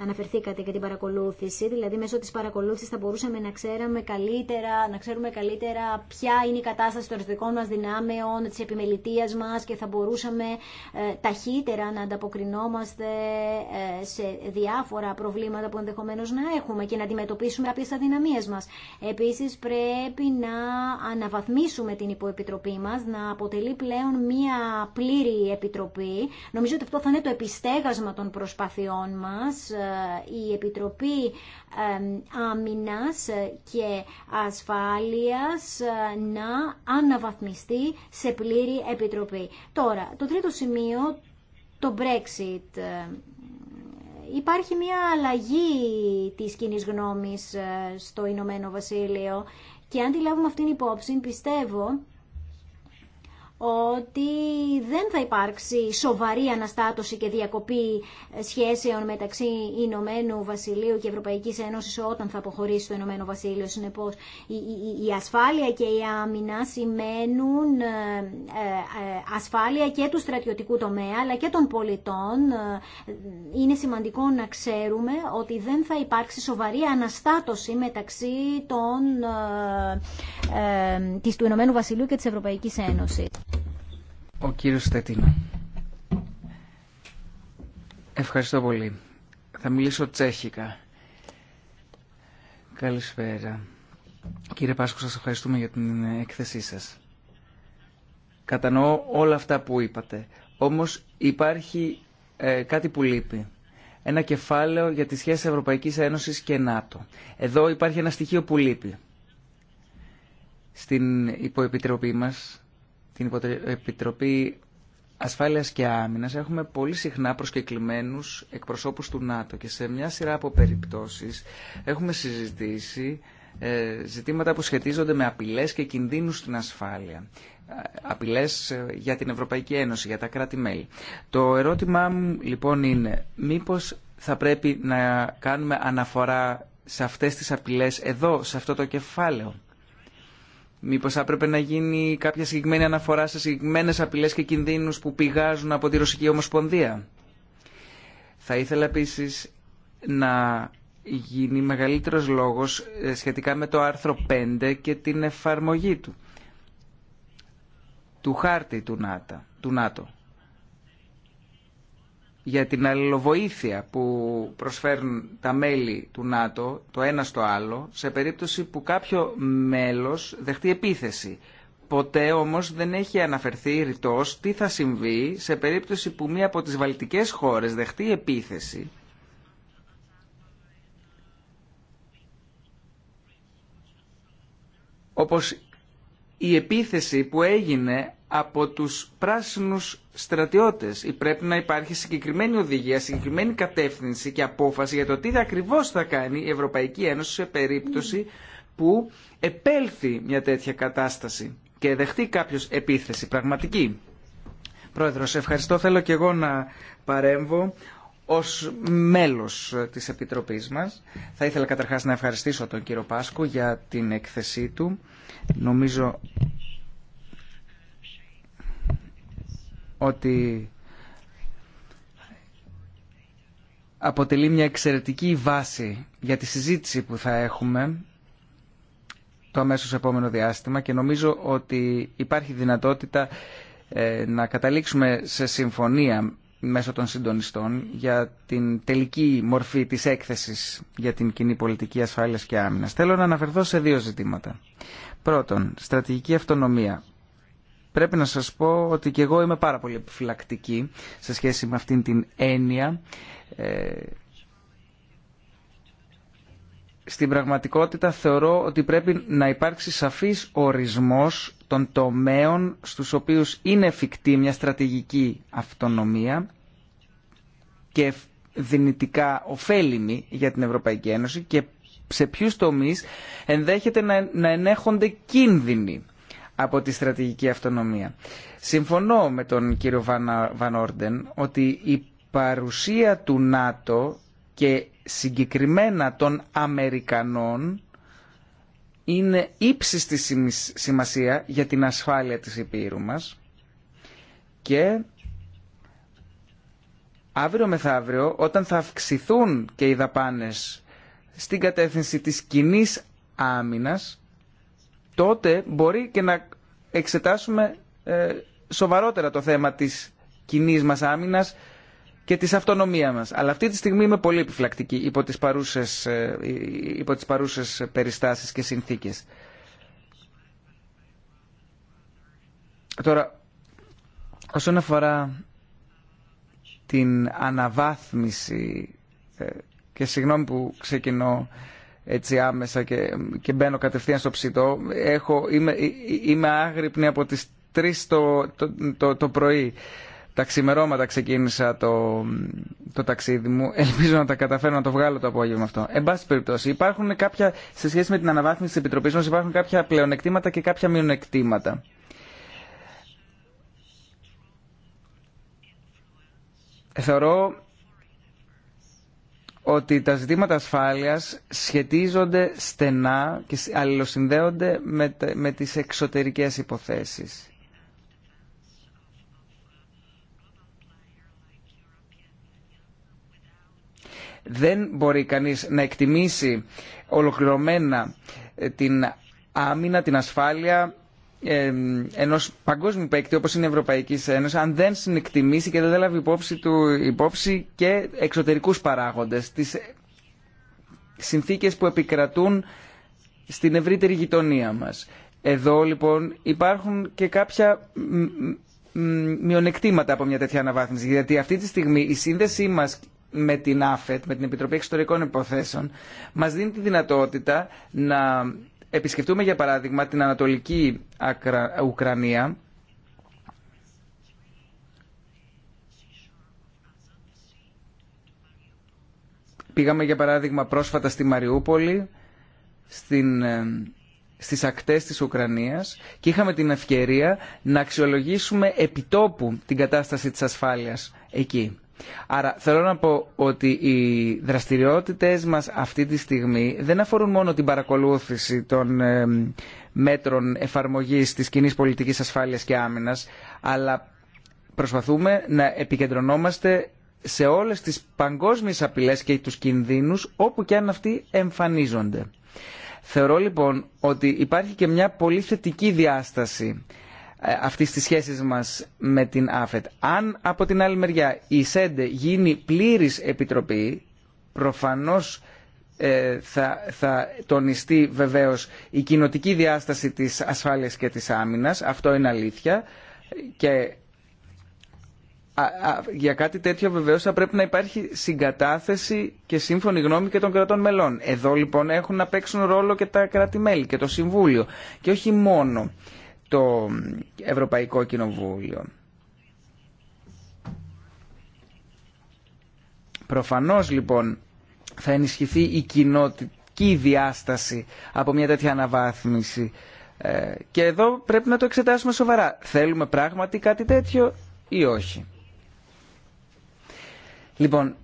αναφερθήκατε για την παρακολούθηση, δηλαδή μέσω της παρακολούθησης θα μπορούσαμε να, ξέραμε καλύτερα, να ξέρουμε καλύτερα ποια είναι η κατάσταση των ρυθμικών μας δυνάμεων, της επιμελητίας μας και θα μπορούσαμε ε, ταχύτερα να ανταποκρινόμαστε ε, σε διάφορα προβλήματα που ενδεχομένως να έχουμε και να αντιμετωπίσουμε κάποιες αδυναμίες μας. Επίσης πρέπει να αναβαθμίσουμε την υποεπιτροπή μας, να αποτελεί πλέον μία πλήρη επιτροπή. Νομίζω ότι αυτό θα είναι το επιστέγασμα των προσπαθειών μας. Ε, η Επιτροπή ε, Άμυνας και Ασφάλειας ε, να αναβαθμιστεί σε πλήρη Επιτροπή. Τώρα, το τρίτο σημείο, το Brexit. Υπάρχει μια αλλαγή της κοινή γνώμης στο Ηνωμένο Βασίλειο και αν τη λάβουμε αυτήν υπόψη, πιστεύω ότι δεν θα υπάρξει σοβαρή αναστάτωση και διακοπή σχέσεων μεταξύ Ηνωμένου Βασιλείου και Ευρωπαϊκής Ένωσης όταν θα αποχωρήσει το Ηνωμένο Βασίλειο. Συνεπώς, η ασφάλεια και η άμυνα σημαίνουν ε, ε, ε, ασφάλεια και του στρατιωτικού τομέα αλλά και των πολιτών. Είναι σημαντικό να ξέρουμε ότι δεν θα υπάρξει σοβαρή αναστάτωση μεταξύ του Ηνωμένου Βασιλείου και της Ευρωπαϊκής Ένωσης. Ο κύριος Στετίνο. Ευχαριστώ πολύ. Θα μιλήσω τσέχικα. Καλησπέρα. Κύριε Πάσκο, σας ευχαριστούμε για την έκθεσή σας. Κατανοώ όλα αυτά που είπατε. Όμως υπάρχει ε, κάτι που λείπει. Ένα κεφάλαιο για τις σχέσεις Ευρωπαϊκής Ένωσης και ΝΑΤΟ. Εδώ υπάρχει ένα στοιχείο που λείπει. Στην υποεπιτροπή μας την Επιτροπή Ασφάλειας και Άμυνας έχουμε πολύ συχνά προσκεκλημένους εκπροσώπους του ΝΑΤΟ και σε μια σειρά από περιπτώσεις έχουμε συζητήσει ε, ζητήματα που σχετίζονται με απειλές και κινδύνους στην ασφάλεια. Απειλές ε, για την Ευρωπαϊκή Ένωση, για τα κράτη-μέλη. Το ερώτημά μου λοιπόν είναι μήπως θα πρέπει να κάνουμε αναφορά σε αυτές τις απειλές εδώ, σε αυτό το κεφάλαιο. Μήπως θα έπρεπε να γίνει κάποια συγκεκριμένη αναφορά σε συγκεκριμένε απειλές και κινδύνου που πηγάζουν από τη Ρωσική Ομοσπονδία. Θα ήθελα επίσης να γίνει μεγαλύτερο λόγος ε, σχετικά με το άρθρο 5 και την εφαρμογή του, του χάρτη του ΝΑΤΟ για την αλληλοβοήθεια που προσφέρουν τα μέλη του ΝΑΤΟ το ένα στο άλλο σε περίπτωση που κάποιο μέλος δεχτεί επίθεση. Ποτέ όμως δεν έχει αναφερθεί ρητός τι θα συμβεί σε περίπτωση που μία από τις βαλτικές χώρες δεχτεί επίθεση όπως η επίθεση που έγινε από τους πράσινους στρατιώτες. Πρέπει να υπάρχει συγκεκριμένη οδηγία, συγκεκριμένη κατεύθυνση και απόφαση για το τι ακριβώς θα κάνει η Ευρωπαϊκή Ένωση σε περίπτωση που επέλθει μια τέτοια κατάσταση και δεχτεί κάποιο επίθεση πραγματική. Πρόεδρος, ευχαριστώ. Θέλω και εγώ να παρέμβω ως μέλος της Επιτροπής μας. Θα ήθελα καταρχάς να ευχαριστήσω τον κύριο Πάσκο για την έκθεσή του Νομίζω ότι αποτελεί μια εξαιρετική βάση για τη συζήτηση που θα έχουμε το αμέσως επόμενο διάστημα και νομίζω ότι υπάρχει δυνατότητα ε, να καταλήξουμε σε συμφωνία μέσω των συντονιστών για την τελική μορφή της έκθεσης για την κοινή πολιτική ασφάλειας και άμυνας. Θέλω να αναφερθώ σε δύο ζητήματα. Πρώτον, στρατηγική αυτονομία. Πρέπει να σας πω ότι και εγώ είμαι πάρα πολύ επιφυλακτική σε σχέση με αυτήν την έννοια. Ε, στην πραγματικότητα θεωρώ ότι πρέπει να υπάρξει σαφής ορισμός των τομέων στους οποίους είναι εφικτή μια στρατηγική αυτονομία και δυνητικά ωφέλιμη για την Ευρωπαϊκή Ένωση και σε ποιου τομείς ενδέχεται να, να ενέχονται κίνδυνοι από τη στρατηγική αυτονομία. Συμφωνώ με τον κύριο Βαν ότι η παρουσία του ΝΑΤΟ και συγκεκριμένα των Αμερικανών είναι ύψιστη σημασία για την ασφάλεια της Επίρου μας και αύριο μεθαύριο όταν θα αυξηθούν και οι δαπάνες στην κατεύθυνση της κοινή άμυνας, τότε μπορεί και να εξετάσουμε ε, σοβαρότερα το θέμα της κοινή μας άμυνας και της αυτονομία μας. Αλλά αυτή τη στιγμή είμαι πολύ επιφυλακτική υπό τις παρούσες, ε, υπό τις παρούσες περιστάσεις και συνθήκες. Τώρα, όσον αφορά την αναβάθμιση ε, και συγγνώμη που ξεκινώ έτσι άμεσα και, και μπαίνω κατευθείαν στο ψητό. Έχω, είμαι, είμαι άγρυπνη από τις 3 το, το, το, πρωί. Τα ξημερώματα ξεκίνησα το, το ταξίδι μου. *laughs* Ελπίζω να τα καταφέρω να το βγάλω το απόγευμα αυτό. Εν πάση περιπτώσει, υπάρχουν κάποια, σε σχέση με την αναβάθμιση τη Επιτροπή μα, υπάρχουν κάποια πλεονεκτήματα και κάποια μειονεκτήματα. Ε, θεωρώ ότι τα ζητήματα ασφάλειας σχετίζονται στενά και αλληλοσυνδέονται με, με τις εξωτερικές υποθέσεις. Δεν μπορεί κανείς να εκτιμήσει ολοκληρωμένα ε, την άμυνα, την ασφάλεια Ενό παγκόσμιου παίκτη όπως είναι η Ευρωπαϊκή Ένωση αν δεν συνεκτιμήσει και δεν λάβει υπόψη, του, υπόψη και εξωτερικούς παράγοντες τις συνθήκες που επικρατούν στην ευρύτερη γειτονία μας. Εδώ λοιπόν υπάρχουν και κάποια μειονεκτήματα από μια τέτοια αναβάθμιση γιατί αυτή τη στιγμή η σύνδεσή μας με την ΑΦΕΤ, με την Επιτροπή Εξωτερικών Υποθέσεων μα δίνει τη δυνατότητα να επισκεφτούμε για παράδειγμα την Ανατολική Ουκρανία, Πήγαμε για παράδειγμα πρόσφατα στη Μαριούπολη, στην, ε, στις ακτές της Ουκρανίας και είχαμε την ευκαιρία να αξιολογήσουμε επιτόπου την κατάσταση της ασφάλειας εκεί. Άρα θέλω να πω ότι οι δραστηριότητες μας αυτή τη στιγμή δεν αφορούν μόνο την παρακολούθηση των ε, μέτρων εφαρμογής της κοινή πολιτικής ασφάλειας και άμυνας, αλλά προσπαθούμε να επικεντρωνόμαστε σε όλες τις παγκόσμιες απειλές και τους κινδύνους όπου και αν αυτοί εμφανίζονται. Θεωρώ λοιπόν ότι υπάρχει και μια πολύ θετική διάσταση ε, αυτής της σχέσης μας με την ΑΦΕΤ. Αν από την άλλη μεριά η ΣΕΝΤΕ γίνει πλήρης επιτροπή, προφανώς ε, θα, θα τονιστεί βεβαίως η κοινοτική διάσταση της ασφάλειας και της άμυνας. Αυτό είναι αλήθεια. Και για κάτι τέτοιο βεβαίως θα πρέπει να υπάρχει συγκατάθεση και σύμφωνη γνώμη και των κρατών μελών. Εδώ λοιπόν έχουν να παίξουν ρόλο και τα κράτη-μέλη και το Συμβούλιο. Και όχι μόνο το Ευρωπαϊκό Κοινοβούλιο. Προφανώς λοιπόν θα ενισχυθεί η κοινωτική διάσταση από μια τέτοια αναβάθμιση ε, και εδώ πρέπει να το εξετάσουμε σοβαρά. Θέλουμε πράγματι κάτι τέτοιο ή όχι. Λοιπόν,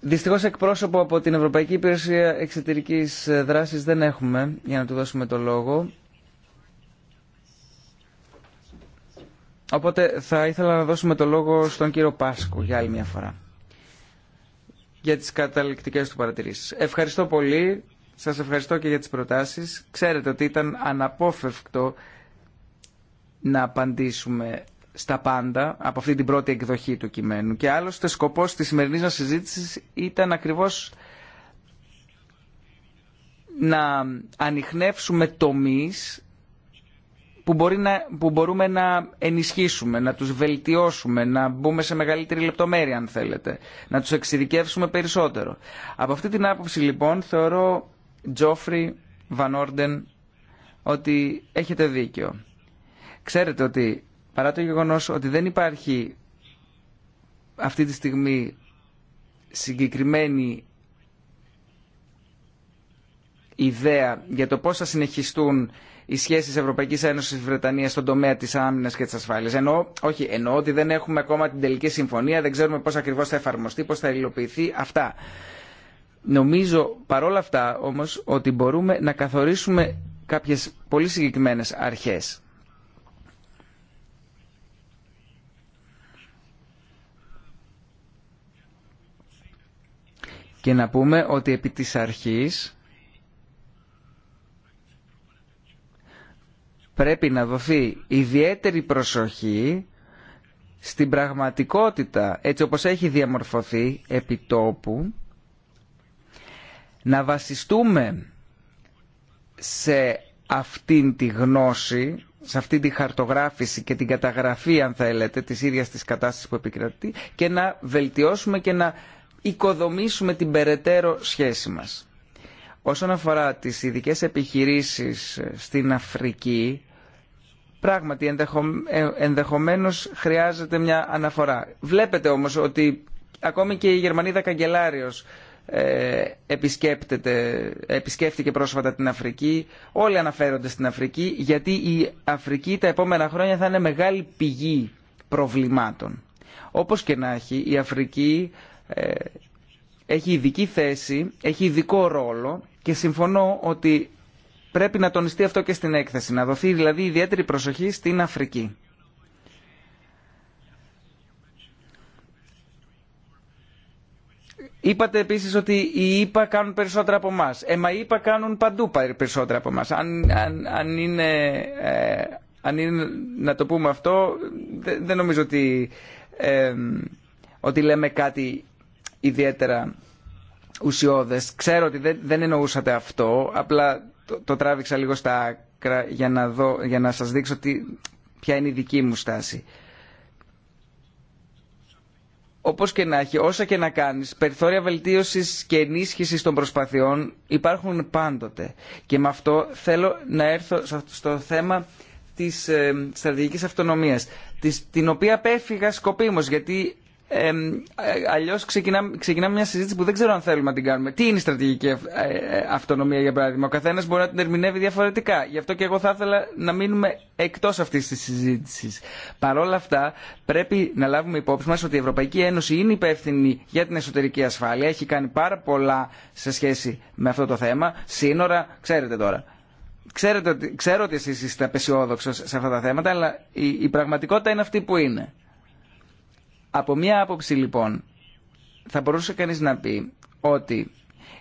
δυστυχώς εκπρόσωπο από την Ευρωπαϊκή Υπηρεσία Εξωτερικής Δράσης δεν έχουμε για να του δώσουμε το λόγο. Οπότε θα ήθελα να δώσουμε το λόγο στον κύριο Πάσκου για άλλη μια φορά για τις καταληκτικές του παρατηρήσεις. Ευχαριστώ πολύ, σας ευχαριστώ και για τις προτάσεις. Ξέρετε ότι ήταν αναπόφευκτο να απαντήσουμε στα πάντα από αυτή την πρώτη εκδοχή του κειμένου. Και άλλωστε σκοπός της σημερινής μας συζήτησης ήταν ακριβώς να ανοιχνεύσουμε τομείς που, να, που μπορούμε να ενισχύσουμε, να τους βελτιώσουμε, να μπούμε σε μεγαλύτερη λεπτομέρεια αν θέλετε, να τους εξειδικεύσουμε περισσότερο. Από αυτή την άποψη λοιπόν θεωρώ Τζόφρι Βαν ότι έχετε δίκιο. Ξέρετε ότι παρά το γεγονός ότι δεν υπάρχει αυτή τη στιγμή συγκεκριμένη ιδέα για το πώς θα συνεχιστούν οι σχέσει Ευρωπαϊκή Ένωση Βρετανία στον τομέα τη άμυνα και τη ασφάλεια. Ενώ, όχι, ενώ ότι δεν έχουμε ακόμα την τελική συμφωνία, δεν ξέρουμε πώ ακριβώ θα εφαρμοστεί, πώ θα υλοποιηθεί αυτά. Νομίζω παρόλα αυτά όμω ότι μπορούμε να καθορίσουμε κάποιε πολύ συγκεκριμένε αρχέ. Και να πούμε ότι επί της αρχής πρέπει να δοθεί ιδιαίτερη προσοχή στην πραγματικότητα έτσι όπως έχει διαμορφωθεί επί τόπου, να βασιστούμε σε αυτήν τη γνώση, σε αυτή τη χαρτογράφηση και την καταγραφή αν θέλετε της ίδιας της κατάστασης που επικρατεί και να βελτιώσουμε και να οικοδομήσουμε την περαιτέρω σχέση μας. Όσον αφορά τις ειδικέ επιχειρήσεις στην Αφρική, Πράγματι, ε, ενδεχομένως χρειάζεται μια αναφορά. Βλέπετε όμως ότι ακόμη και η Γερμανίδα Καγκελάριος επισκέφτηκε πρόσφατα την Αφρική. Όλοι αναφέρονται στην Αφρική γιατί η Αφρική τα επόμενα χρόνια θα είναι μεγάλη πηγή προβλημάτων. Όπως και να έχει, η Αφρική ε, έχει ειδική θέση, έχει ειδικό ρόλο και συμφωνώ ότι Πρέπει να τονιστεί αυτό και στην έκθεση, να δοθεί δηλαδή ιδιαίτερη προσοχή στην Αφρική. Είπατε επίσης ότι οι ΙΠΑ κάνουν περισσότερα από εμά. Ε, μα οι ΙΠΑ κάνουν παντού περισσότερα από εμά. Αν, αν, αν, είναι, ε, αν είναι να το πούμε αυτό, δεν, νομίζω ότι, ε, ότι λέμε κάτι ιδιαίτερα ουσιώδες. Ξέρω ότι δεν, δεν εννοούσατε αυτό, απλά το, τράβηξα λίγο στα άκρα για να, δω, για να σας δείξω τι, ποια είναι η δική μου στάση. Όπως και να έχει, όσα και να κάνεις, περιθώρια βελτίωσης και ενίσχυσης των προσπαθειών υπάρχουν πάντοτε. Και με αυτό θέλω να έρθω στο θέμα της ε, στρατηγικής αυτονομίας, την οποία απέφυγα σκοπίμως, γιατί ε, Αλλιώ ξεκινάμε, ξεκινάμε μια συζήτηση που δεν ξέρω αν θέλουμε να την κάνουμε. Τι είναι η στρατηγική ε, ε, αυτονομία, για παράδειγμα. Ο καθένα μπορεί να την ερμηνεύει διαφορετικά. Γι' αυτό και εγώ θα ήθελα να μείνουμε εκτό αυτή τη συζήτηση. Παρ' όλα αυτά, πρέπει να λάβουμε υπόψη μα ότι η Ευρωπαϊκή Ένωση είναι υπεύθυνη για την εσωτερική ασφάλεια. Έχει κάνει πάρα πολλά σε σχέση με αυτό το θέμα. Σύνορα, ξέρετε τώρα. Ξέρετε, ξέρω ότι εσεί είστε απεσιόδοξο σε αυτά τα θέματα, αλλά η, η πραγματικότητα είναι αυτή που είναι. Από μία άποψη λοιπόν θα μπορούσε κανείς να πει ότι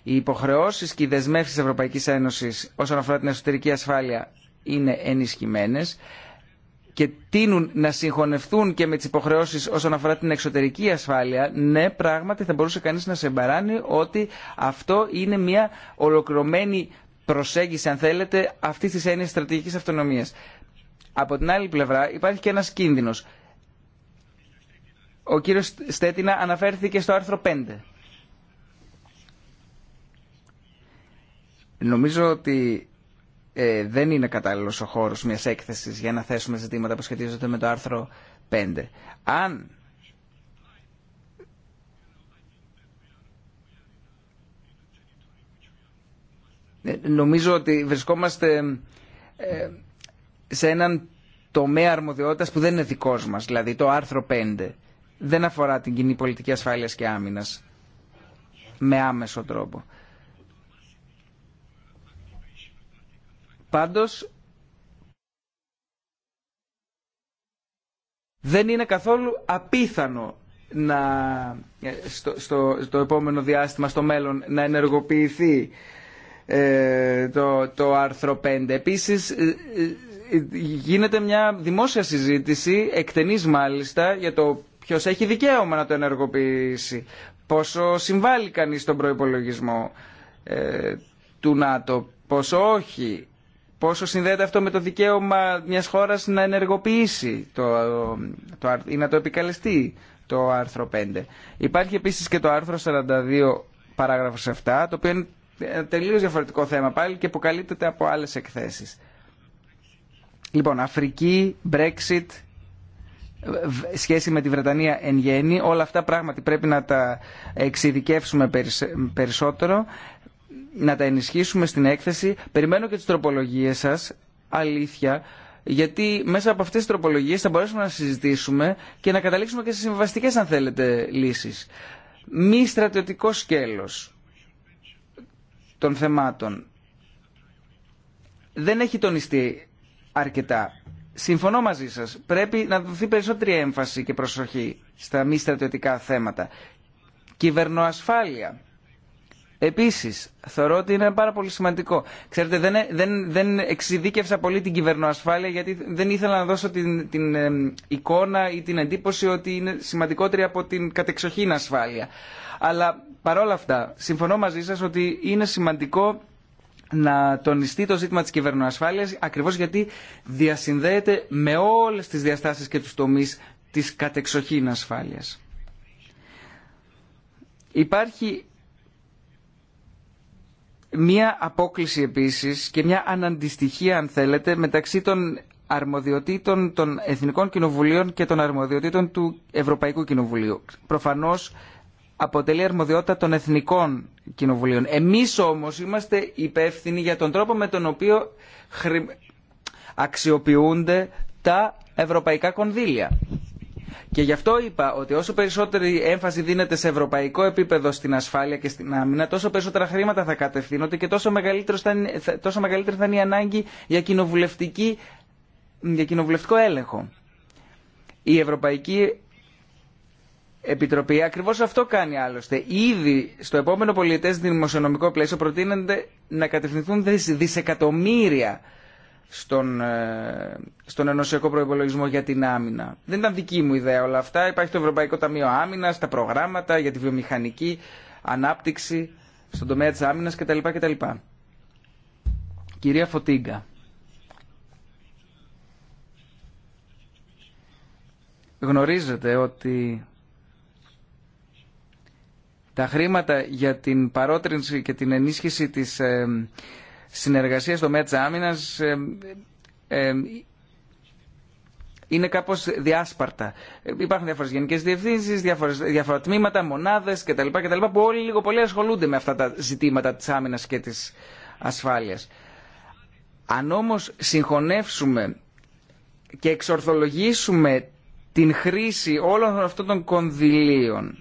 οι υποχρεώσεις και οι δεσμεύσεις της Ευρωπαϊκής Ένωσης όσον αφορά την εσωτερική ασφάλεια είναι ενισχυμένες και τείνουν να συγχωνευτούν και με τις υποχρεώσεις όσον αφορά την εξωτερική ασφάλεια, ναι, πράγματι θα μπορούσε κανείς να σε μπαράνει ότι αυτό είναι μια ολοκληρωμένη προσέγγιση, αν θέλετε, αυτής της έννοιας στρατηγικής αυτονομίας. Από την άλλη πλευρά υπάρχει και ένας κίνδυνος. Ο κύριος Στέτινα αναφέρθηκε στο άρθρο 5. Νομίζω ότι ε, δεν είναι κατάλληλος ο χώρος μιας έκθεσης για να θέσουμε ζητήματα που σχετίζονται με το άρθρο 5. Αν ε, νομίζω ότι βρισκόμαστε ε, σε έναν τομέα αρμοδιότητας που δεν είναι δικός μας, δηλαδή το άρθρο 5 δεν αφορά την κοινή πολιτική ασφάλειας και άμυνας με άμεσο τρόπο. Πάντως, δεν είναι καθόλου απίθανο να, ε, στο, στο, επόμενο διάστημα, στο μέλλον, να ενεργοποιηθεί ε, το, το άρθρο 5. Επίσης, ε, γίνεται μια δημόσια συζήτηση, εκτενής μάλιστα, για το ποιος έχει δικαίωμα να το ενεργοποιήσει, πόσο συμβάλλει κανείς στον προϋπολογισμό ε, του ΝΑΤΟ, πόσο όχι, πόσο συνδέεται αυτό με το δικαίωμα μιας χώρας να ενεργοποιήσει το, το, ή να το επικαλεστεί το άρθρο 5. Υπάρχει επίσης και το άρθρο 42 παράγραφος 7, το οποίο είναι ε, τελείως διαφορετικό θέμα πάλι και αποκαλύπτεται από άλλες εκθέσεις. Λοιπόν, Αφρική, Brexit, σχέση με τη Βρετανία εν γέννη. Όλα αυτά πράγματι πρέπει να τα εξειδικεύσουμε περισσότερο, να τα ενισχύσουμε στην έκθεση. Περιμένω και τις τροπολογίες σας, αλήθεια, γιατί μέσα από αυτές τις τροπολογίες θα μπορέσουμε να συζητήσουμε και να καταλήξουμε και σε συμβαστικές, αν θέλετε, λύσεις. Μη στρατιωτικό σκέλος των θεμάτων δεν έχει τονιστεί αρκετά Συμφωνώ μαζί σας. Πρέπει να δοθεί περισσότερη έμφαση και προσοχή στα μη στρατιωτικά θέματα. Κυβερνοασφάλεια. Επίσης, θεωρώ ότι είναι πάρα πολύ σημαντικό. Ξέρετε, δεν, δεν, δεν εξειδίκευσα πολύ την κυβερνοασφάλεια γιατί δεν ήθελα να δώσω την, την εικόνα ή την εντύπωση ότι είναι σημαντικότερη από την κατεξοχήν ασφάλεια. Αλλά παρόλα αυτά, συμφωνώ μαζί σας ότι είναι σημαντικό να τονιστεί το ζήτημα της κυβερνοασφάλειας ακριβώς γιατί διασυνδέεται με όλες τις διαστάσεις και τους τομείς της κατεξοχήν ασφάλειας. Υπάρχει μία απόκληση επίσης και μία αναντιστοιχία αν θέλετε μεταξύ των αρμοδιοτήτων των Εθνικών Κοινοβουλίων και των αρμοδιοτήτων του Ευρωπαϊκού Κοινοβουλίου. Προφανώς αποτελεί αρμοδιότητα των εθνικών κοινοβουλίων. Εμείς όμως είμαστε υπεύθυνοι για τον τρόπο με τον οποίο αξιοποιούνται τα ευρωπαϊκά κονδύλια. Και γι' αυτό είπα ότι όσο περισσότερη έμφαση δίνεται σε ευρωπαϊκό επίπεδο στην ασφάλεια και στην άμυνα, τόσο περισσότερα χρήματα θα κατευθύνονται και τόσο, τόσο μεγαλύτερη θα είναι η ανάγκη για, για κοινοβουλευτικό έλεγχο. Η Ευρωπαϊκή Επιτροπή ακριβώ αυτό κάνει άλλωστε. Ήδη στο επόμενο πολιτές δημοσιονομικό πλαίσιο προτείνεται να κατευθυνθούν δισεκατομμύρια στον, ε, στον ενωσιακό προπολογισμό για την άμυνα. Δεν ήταν δική μου ιδέα όλα αυτά. Υπάρχει το Ευρωπαϊκό Ταμείο Άμυνα, τα προγράμματα για τη βιομηχανική ανάπτυξη στον τομέα τη άμυνα κτλ, Κυρία Φωτίγκα. Γνωρίζετε ότι τα χρήματα για την παρότρινση και την ενίσχυση της ε, συνεργασίας στο μέτσα άμυνας ε, ε, είναι κάπως διάσπαρτα. Υπάρχουν διάφορε γενικέ διευθύνσει, διάφορα τμήματα, μονάδε κτλ, κτλ. που όλοι λίγο πολύ ασχολούνται με αυτά τα ζητήματα της άμυνα και της ασφάλειας. Αν όμως συγχωνεύσουμε και εξορθολογήσουμε την χρήση όλων αυτών των κονδυλίων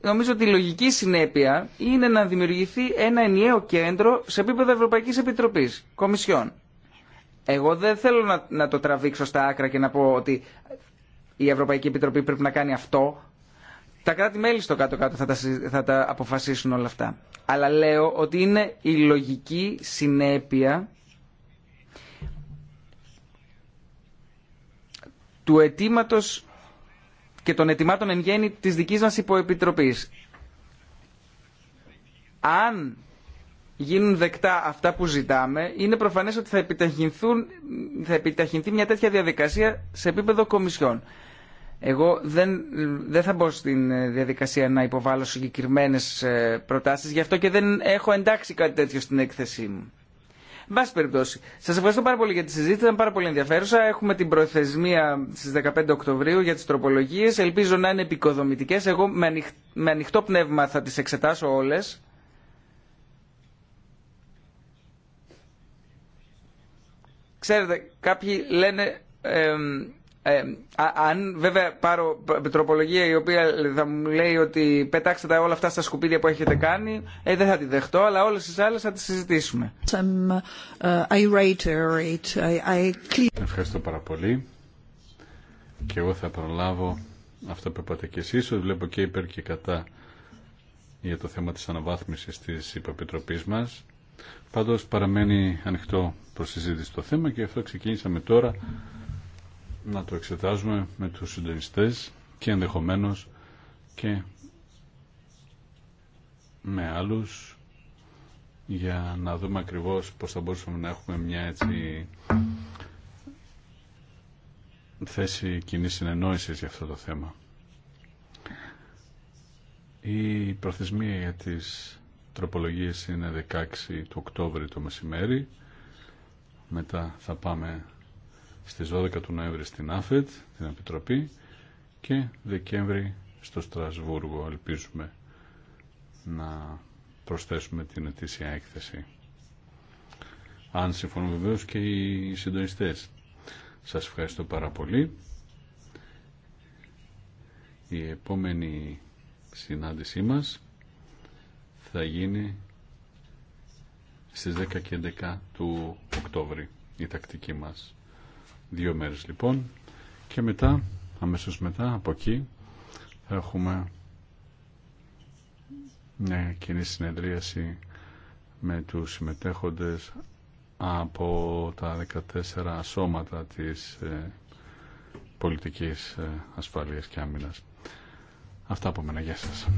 νομίζω ότι η λογική συνέπεια είναι να δημιουργηθεί ένα ενιαίο κέντρο σε επίπεδο ευρωπαϊκή Επιτροπή Κομισιόν. Εγώ δεν θέλω να, να το τραβήξω στα άκρα και να πω ότι η Ευρωπαϊκή Επιτροπή πρέπει να κάνει αυτό. Τα κράτη-μέλη στο κάτω-κάτω θα τα, θα τα αποφασίσουν όλα αυτά. Αλλά λέω ότι είναι η λογική συνέπεια του αιτήματο και των ετοιμάτων εν γέννη της δικής μας υποεπιτροπής. Αν γίνουν δεκτά αυτά που ζητάμε, είναι προφανές ότι θα, θα επιταχυνθεί μια τέτοια διαδικασία σε επίπεδο κομισιών. Εγώ δεν, δεν θα μπω στην ε, διαδικασία να υποβάλω συγκεκριμένες ε, προτάσεις, γι' αυτό και δεν έχω εντάξει κάτι τέτοιο στην έκθεσή μου. Εν περιπτώσει, σα ευχαριστώ πάρα πολύ για τη συζήτηση. Ήταν πάρα πολύ ενδιαφέρουσα. Έχουμε την προθεσμία στι 15 Οκτωβρίου για τι τροπολογίε. Ελπίζω να είναι επικοδομητικέ. Εγώ με, ανοιχ... ανοιχτό πνεύμα θα τι εξετάσω όλε. Ξέρετε, κάποιοι λένε. Ε, αν βέβαια πάρω τροπολογία η οποία θα μου λέει ότι πετάξτε τα όλα αυτά στα σκουπίδια που έχετε κάνει, ε, δεν θα τη δεχτώ, αλλά όλες τις άλλες θα τις συζητήσουμε. Uh, Ευχαριστώ πάρα πολύ. Και εγώ θα προλάβω αυτό που είπατε και εσείς, ότι βλέπω και υπέρ και κατά για το θέμα της αναβάθμισης της υποπιτροπής μας. Πάντως παραμένει ανοιχτό προς συζήτηση το θέμα και αυτό ξεκίνησαμε τώρα να το εξετάζουμε με τους συντονιστές και ενδεχομένως και με άλλους για να δούμε ακριβώς πώς θα μπορούσαμε να έχουμε μια έτσι θέση κοινή συνεννόηση για αυτό το θέμα. Η προθεσμία για τις τροπολογίες είναι 16 του Οκτώβρη το μεσημέρι. Μετά θα πάμε στις 12 του Νοέμβρη στην ΑΦΕΤ, την Επιτροπή και Δεκέμβρη στο Στρασβούργο. Ελπίζουμε να προσθέσουμε την ετήσια έκθεση. Αν συμφωνούν βεβαίως και οι συντονιστές. Σας ευχαριστώ πάρα πολύ. Η επόμενη συνάντησή μας θα γίνει στις 10 και 11 του Οκτώβρη η τακτική μας Δύο μέρες λοιπόν και μετά, αμέσως μετά, από εκεί θα έχουμε μια κοινή συνεδρίαση με τους συμμετέχοντες από τα 14 σώματα της ε, πολιτικής ε, ασφαλείας και άμυνας. Αυτά από μένα. Γεια σας.